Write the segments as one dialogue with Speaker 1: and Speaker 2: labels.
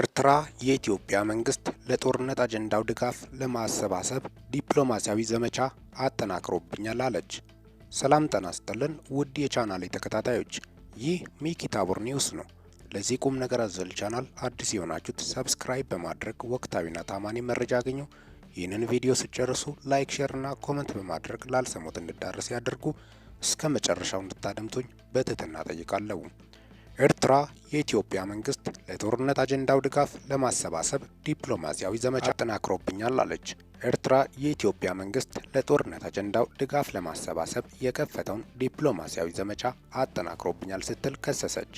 Speaker 1: ኤርትራ የኢትዮጵያ መንግስት ለጦርነት አጀንዳው ድጋፍ ለማሰባሰብ ዲፕሎማሲያዊ ዘመቻ አጠናክሮብኛል አለች። ሰላም ጤና ይስጥልን ውድ የቻናሌ ተከታታዮች፣ ይህ ሚኪ ታቦር ኒውስ ነው። ለዚህ ቁም ነገር አዘል ቻናል አዲስ የሆናችሁት ሰብስክራይብ በማድረግ ወቅታዊና ታማኒ መረጃ አገኙ። ይህንን ቪዲዮ ስጨርሱ ላይክ፣ ሼር እና ኮመንት በማድረግ ላልሰሙት እንዲዳረስ ያድርጉ። እስከ መጨረሻው እንድታደምጡኝ በትህትና ጠይቃለሁ። ኤርትራ የኢትዮጵያ መንግስት ለጦርነት አጀንዳው ድጋፍ ለማሰባሰብ ዲፕሎማሲያዊ ዘመቻ አጠናክሮብኛል አለች። ኤርትራ የኢትዮጵያ መንግስት ለጦርነት አጀንዳው ድጋፍ ለማሰባሰብ የከፈተውን ዲፕሎማሲያዊ ዘመቻ አጠናክሮብኛል ስትል ከሰሰች።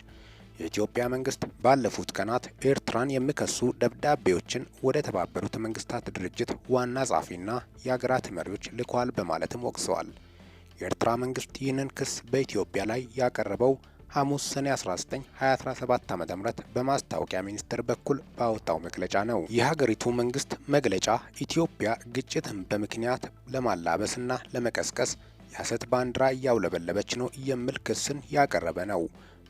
Speaker 1: የኢትዮጵያ መንግስት ባለፉት ቀናት ኤርትራን የሚከሱ ደብዳቤዎችን ወደ ተባበሩት መንግስታት ድርጅት ዋና ጸሐፊና የአገራት መሪዎች ልኳል በማለትም ወቅሰዋል። የኤርትራ መንግስት ይህንን ክስ በኢትዮጵያ ላይ ያቀረበው ሐሙስ ሰኔ 19 2017 ዓ ም በማስታወቂያ ሚኒስቴር በኩል ባወጣው መግለጫ ነው። የሀገሪቱ መንግስት መግለጫ ኢትዮጵያ ግጭትን በምክንያት ለማላበስና ለመቀስቀስ የሐሰት ባንዲራ እያውለበለበች ነው የሚል ክስን ያቀረበ ነው።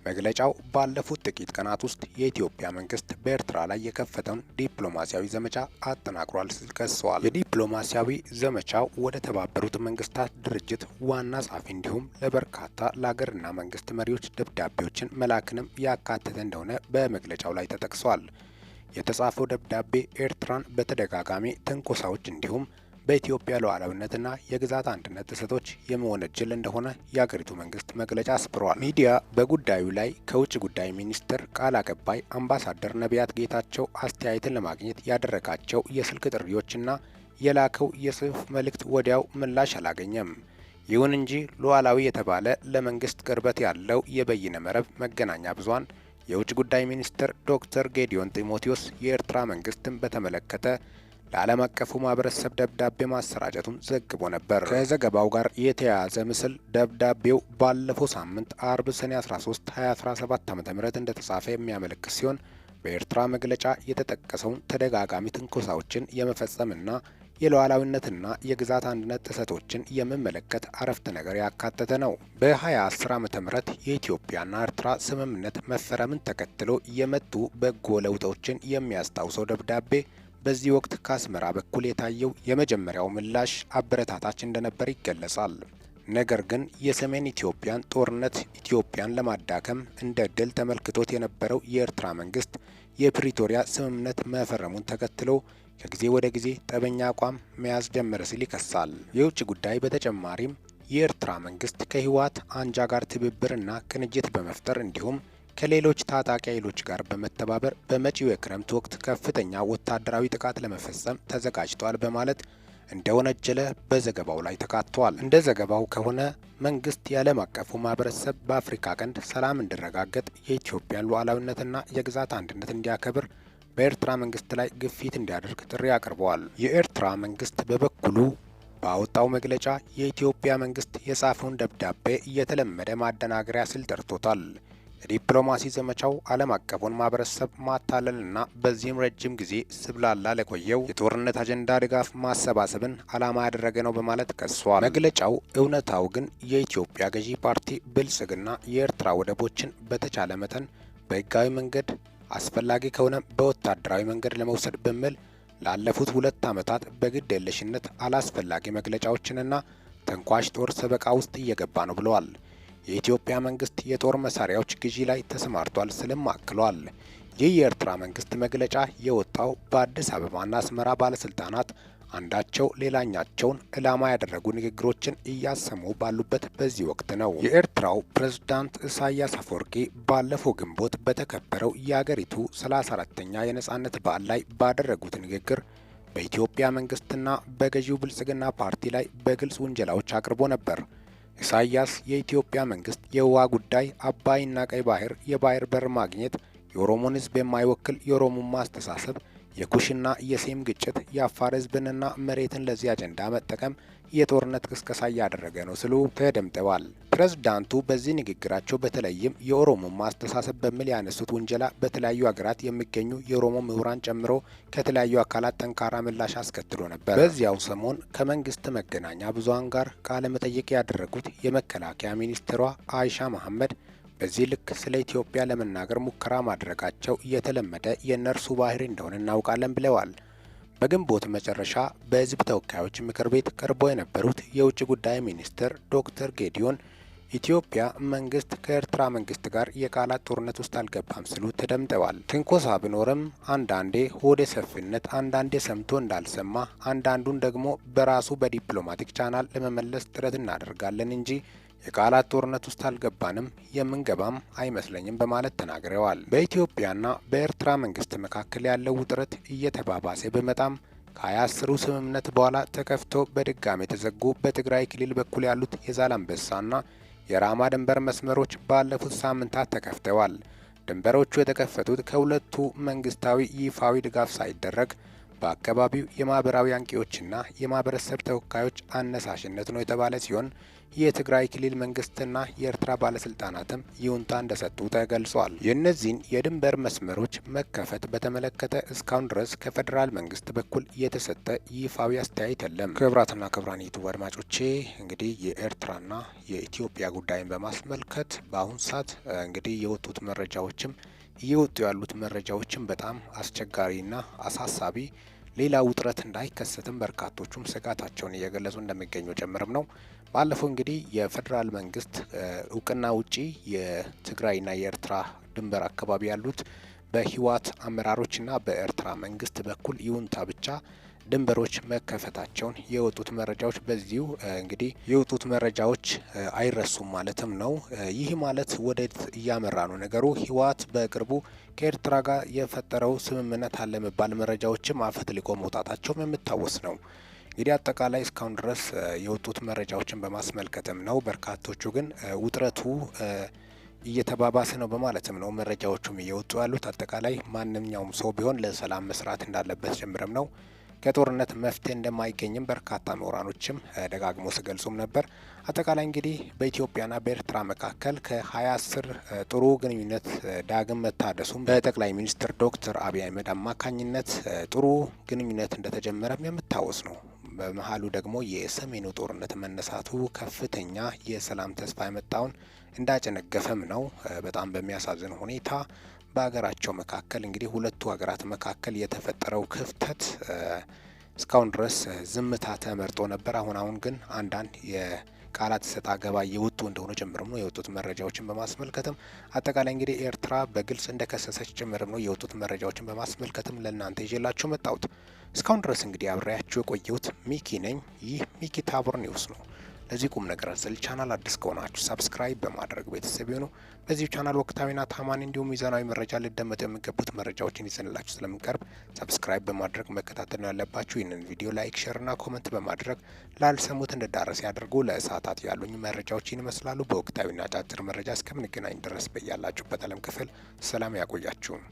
Speaker 1: መግለጫው ባለፉት ጥቂት ቀናት ውስጥ የኢትዮጵያ መንግስት በኤርትራ ላይ የከፈተውን ዲፕሎማሲያዊ ዘመቻ አጠናክሯል ሲል ከሰዋል። የዲፕሎማሲያዊ ዘመቻው ወደ ተባበሩት መንግስታት ድርጅት ዋና ጸሐፊ እንዲሁም ለበርካታ ለሀገርና መንግስት መሪዎች ደብዳቤዎችን መላክንም ያካተተ እንደሆነ በመግለጫው ላይ ተጠቅሷል። የተጻፈው ደብዳቤ ኤርትራን በተደጋጋሚ ትንኮሳዎች እንዲሁም በኢትዮጵያ ሉዓላዊነትና የግዛት አንድነት ጥሰቶች የመሆን እጅል እንደሆነ የአገሪቱ መንግስት መግለጫ አስፍሯል። ሚዲያ በጉዳዩ ላይ ከውጭ ጉዳይ ሚኒስትር ቃል አቀባይ አምባሳደር ነቢያት ጌታቸው አስተያየትን ለማግኘት ያደረጋቸው የስልክ ጥሪዎችና የላከው የጽሑፍ መልእክት ወዲያው ምላሽ አላገኘም። ይሁን እንጂ ሉዓላዊ የተባለ ለመንግስት ቅርበት ያለው የበይነ መረብ መገናኛ ብዙኃን የውጭ ጉዳይ ሚኒስትር ዶክተር ጌዲዮን ጢሞቴዎስ የኤርትራ መንግስትን በተመለከተ ለዓለም አቀፉ ማህበረሰብ ደብዳቤ ማሰራጨቱን ዘግቦ ነበር። ከዘገባው ጋር የተያያዘ ምስል ደብዳቤው ባለፈው ሳምንት አርብ ሰኔ 13 2017 ዓ ም እንደተጻፈ የሚያመለክት ሲሆን በኤርትራ መግለጫ የተጠቀሰውን ተደጋጋሚ ትንኮሳዎችን የመፈጸምና የሉዓላዊነትና የግዛት አንድነት ጥሰቶችን የሚመለከት አረፍተ ነገር ያካተተ ነው። በ2010 ዓ ም የኢትዮጵያና ኤርትራ ስምምነት መፈረምን ተከትሎ የመጡ በጎ ለውጦችን የሚያስታውሰው ደብዳቤ በዚህ ወቅት ከአስመራ በኩል የታየው የመጀመሪያው ምላሽ አበረታታች እንደነበር ይገለጻል። ነገር ግን የሰሜን ኢትዮጵያን ጦርነት ኢትዮጵያን ለማዳከም እንደ ድል ተመልክቶት የነበረው የኤርትራ መንግስት የፕሪቶሪያ ስምምነት መፈረሙን ተከትሎ ከጊዜ ወደ ጊዜ ጠበኛ አቋም መያዝ ጀመረ ሲል ይከሳል። የውጭ ጉዳይ በተጨማሪም የኤርትራ መንግስት ከህወሓት አንጃ ጋር ትብብርና ቅንጅት በመፍጠር እንዲሁም ከሌሎች ታጣቂ ኃይሎች ጋር በመተባበር በመጪው የክረምት ወቅት ከፍተኛ ወታደራዊ ጥቃት ለመፈጸም ተዘጋጅቷል በማለት እንደወነጀለ በዘገባው ላይ ተካቷል። እንደ ዘገባው ከሆነ መንግስት የዓለም አቀፉ ማህበረሰብ በአፍሪካ ቀንድ ሰላም እንዲረጋገጥ የኢትዮጵያን ሉዓላዊነትና የግዛት አንድነት እንዲያከብር በኤርትራ መንግስት ላይ ግፊት እንዲያደርግ ጥሪ አቅርበዋል። የኤርትራ መንግስት በበኩሉ ባወጣው መግለጫ የኢትዮጵያ መንግስት የጻፈውን ደብዳቤ እየተለመደ ማደናገሪያ ስል ጠርቶታል። ለዲፕሎማሲ ዘመቻው ዓለም አቀፉን ማህበረሰብ ማታለልና በዚህም ረጅም ጊዜ ስብላላ ለቆየው የጦርነት አጀንዳ ድጋፍ ማሰባሰብን ዓላማ ያደረገ ነው በማለት ከሷል መግለጫው። እውነታው ግን የኢትዮጵያ ገዢ ፓርቲ ብልጽግና የኤርትራ ወደቦችን በተቻለ መጠን በህጋዊ መንገድ አስፈላጊ ከሆነ በወታደራዊ መንገድ ለመውሰድ በሚል ላለፉት ሁለት ዓመታት በግድ የለሽነት አላስፈላጊ መግለጫዎችንና ተንኳሽ ጦር ሰበቃ ውስጥ እየገባ ነው ብለዋል። የኢትዮጵያ መንግስት የጦር መሳሪያዎች ግዢ ላይ ተሰማርቷል ስልም አክሏል። ይህ የኤርትራ መንግስት መግለጫ የወጣው በአዲስ አበባና አስመራ ባለስልጣናት አንዳቸው ሌላኛቸውን ዕላማ ያደረጉ ንግግሮችን እያሰሙ ባሉበት በዚህ ወቅት ነው። የኤርትራው ፕሬዝዳንት ኢሳያስ አፈወርቂ ባለፈው ግንቦት በተከበረው የአገሪቱ 34ተኛ የነጻነት በዓል ላይ ባደረጉት ንግግር በኢትዮጵያ መንግስትና በገዢው ብልጽግና ፓርቲ ላይ በግልጽ ውንጀላዎች አቅርቦ ነበር። ኢሳያስ የኢትዮጵያ መንግስት የውሃ ጉዳይ አባይና ቀይ ባህር የባህር በር ማግኘት የኦሮሞን ህዝብ የማይወክል የኦሮሞማ አስተሳሰብ የኩሽና የሴም ግጭት የአፋር ህዝብንና መሬትን ለዚህ አጀንዳ መጠቀም የጦርነት ቅስቀሳ እያደረገ ነው ስሉ ተደምጠዋል። ፕሬዝዳንቱ በዚህ ንግግራቸው በተለይም የኦሮሞ ማስተሳሰብ በሚል ያነሱት ውንጀላ በተለያዩ ሀገራት የሚገኙ የኦሮሞ ምሁራን ጨምሮ ከተለያዩ አካላት ጠንካራ ምላሽ አስከትሎ ነበር። በዚያው ሰሞን ከመንግስት መገናኛ ብዙሃን ጋር ቃለ ያደረጉት የመከላከያ ሚኒስትሯ አይሻ መሐመድ በዚህ ልክ ስለ ኢትዮጵያ ለመናገር ሙከራ ማድረጋቸው እየተለመደ የእነርሱ ባህሪ እንደሆነ እናውቃለን ብለዋል። በግንቦት መጨረሻ በህዝብ ተወካዮች ምክር ቤት ቀርቦ የነበሩት የውጭ ጉዳይ ሚኒስትር ዶክተር ጌዲዮን ኢትዮጵያ መንግስት ከኤርትራ መንግስት ጋር የቃላት ጦርነት ውስጥ አልገባም ሲሉ ተደምጠዋል። ትንኮሳ ቢኖርም አንዳንዴ ሆደ ሰፊነት፣ አንዳንዴ ሰምቶ እንዳልሰማ፣ አንዳንዱን ደግሞ በራሱ በዲፕሎማቲክ ቻናል ለመመለስ ጥረት እናደርጋለን እንጂ የቃላት ጦርነት ውስጥ አልገባንም የምንገባም አይመስለኝም በማለት ተናግረዋል። በኢትዮጵያና በኤርትራ መንግስት መካከል ያለው ውጥረት እየተባባሰ በመጣም ከሀያ አስሩ ስምምነት በኋላ ተከፍቶ በድጋሚ የተዘጉ በትግራይ ክልል በኩል ያሉት የዛላንበሳና የራማ ድንበር መስመሮች ባለፉት ሳምንታት ተከፍተዋል። ድንበሮቹ የተከፈቱት ከሁለቱ መንግስታዊ ይፋዊ ድጋፍ ሳይደረግ በአካባቢው የማህበራዊ አንቂዎችና የማህበረሰብ ተወካዮች አነሳሽነት ነው የተባለ ሲሆን የትግራይ ክልል መንግስትና የኤርትራ ባለስልጣናትም ይሁንታ እንደሰጡ ተገልጿል። የእነዚህን የድንበር መስመሮች መከፈት በተመለከተ እስካሁን ድረስ ከፌዴራል መንግስት በኩል የተሰጠ ይፋዊ አስተያየት የለም። ክብራትና ክብራን ዩቱብ አድማጮቼ እንግዲህ የኤርትራና የኢትዮጵያ ጉዳይን በማስመልከት በአሁኑ ሰዓት እንግዲህ የወጡት መረጃዎችም እየወጡ ያሉት መረጃዎችን በጣም አስቸጋሪና አሳሳቢ ሌላ ውጥረት እንዳይከሰትም በርካቶቹም ስጋታቸውን እየገለጹ እንደሚገኙ ጭምርም ነው። ባለፈው እንግዲህ የፌዴራል መንግስት እውቅና ውጪ የትግራይና የኤርትራ ድንበር አካባቢ ያሉት በህወሓት አመራሮችና በኤርትራ መንግስት በኩል ይሁንታ ብቻ ድንበሮች መከፈታቸውን የወጡት መረጃዎች በዚሁ እንግዲህ የወጡት መረጃዎች አይረሱም ማለትም ነው። ይህ ማለት ወደት እያመራ ነው ነገሩ? ህወሓት በቅርቡ ከኤርትራ ጋር የፈጠረው ስምምነት አለ መባል መረጃዎችም ሊቆ መውጣታቸውም የሚታወስ ነው። እንግዲህ አጠቃላይ እስካሁን ድረስ የወጡት መረጃዎችን በማስመልከትም ነው። በርካቶቹ ግን ውጥረቱ እየተባባሰ ነው በማለትም ነው መረጃዎቹም እየወጡ ያሉት። አጠቃላይ ማንኛውም ሰው ቢሆን ለሰላም መስራት እንዳለበት ጀምረም ነው። ከጦርነት መፍትሄ እንደማይገኝም በርካታ ምሁራኖችም ደጋግሞ ሲገልጹም ነበር። አጠቃላይ እንግዲህ በኢትዮጵያና በኤርትራ መካከል ከሀያ ስር ጥሩ ግንኙነት ዳግም መታደሱም በጠቅላይ ሚኒስትር ዶክተር አብይ አህመድ አማካኝነት ጥሩ ግንኙነት እንደተጀመረም የምታወስ ነው። በመሀሉ ደግሞ የሰሜኑ ጦርነት መነሳቱ ከፍተኛ የሰላም ተስፋ የመጣውን እንዳጨነገፈም ነው። በጣም በሚያሳዝን ሁኔታ በሀገራቸው መካከል እንግዲህ ሁለቱ ሀገራት መካከል የተፈጠረው ክፍተት እስካሁን ድረስ ዝምታ ተመርጦ ነበር። አሁን አሁን ግን አንዳንድ የቃላት ሰጣ ገባ እየወጡ እንደሆነ ጭምርም ነው የወጡት መረጃዎችን በማስመልከትም አጠቃላይ እንግዲህ ኤርትራ በግልጽ እንደከሰሰች ጭምርም ነው የወጡት መረጃዎችን በማስመልከትም ለእናንተ ይዤላችሁ መጣሁት። እስካሁን ድረስ እንግዲህ አብሬያችሁ የቆየሁት ሚኪ ነኝ። ይህ ሚኪ ታቦር ኒውስ ነው። ለዚህ ቁም ነገር አዘል ቻናል አዲስ ከሆናችሁ ሰብስክራይብ በማድረግ ቤተሰብ የሆኑ በዚህ ቻናል ወቅታዊና ታማኝ እንዲሁም ሚዛናዊ መረጃ ሊደመጡ የሚገቡት መረጃዎችን ይዘንላችሁ ስለምንቀርብ ሰብስክራይብ በማድረግ መከታተል ያለባችሁ። ይህንን ቪዲዮ ላይክ፣ ሼርና ኮመንት በማድረግ ላልሰሙት እንድዳረስ ያደርጉ። ለእሳታት ያሉኝ መረጃዎችን ይመስላሉ። በወቅታዊና አጫጭር መረጃ እስከምንገናኝ ድረስ በያላችሁበት ዓለም ክፍል ሰላም ያቆያችሁም።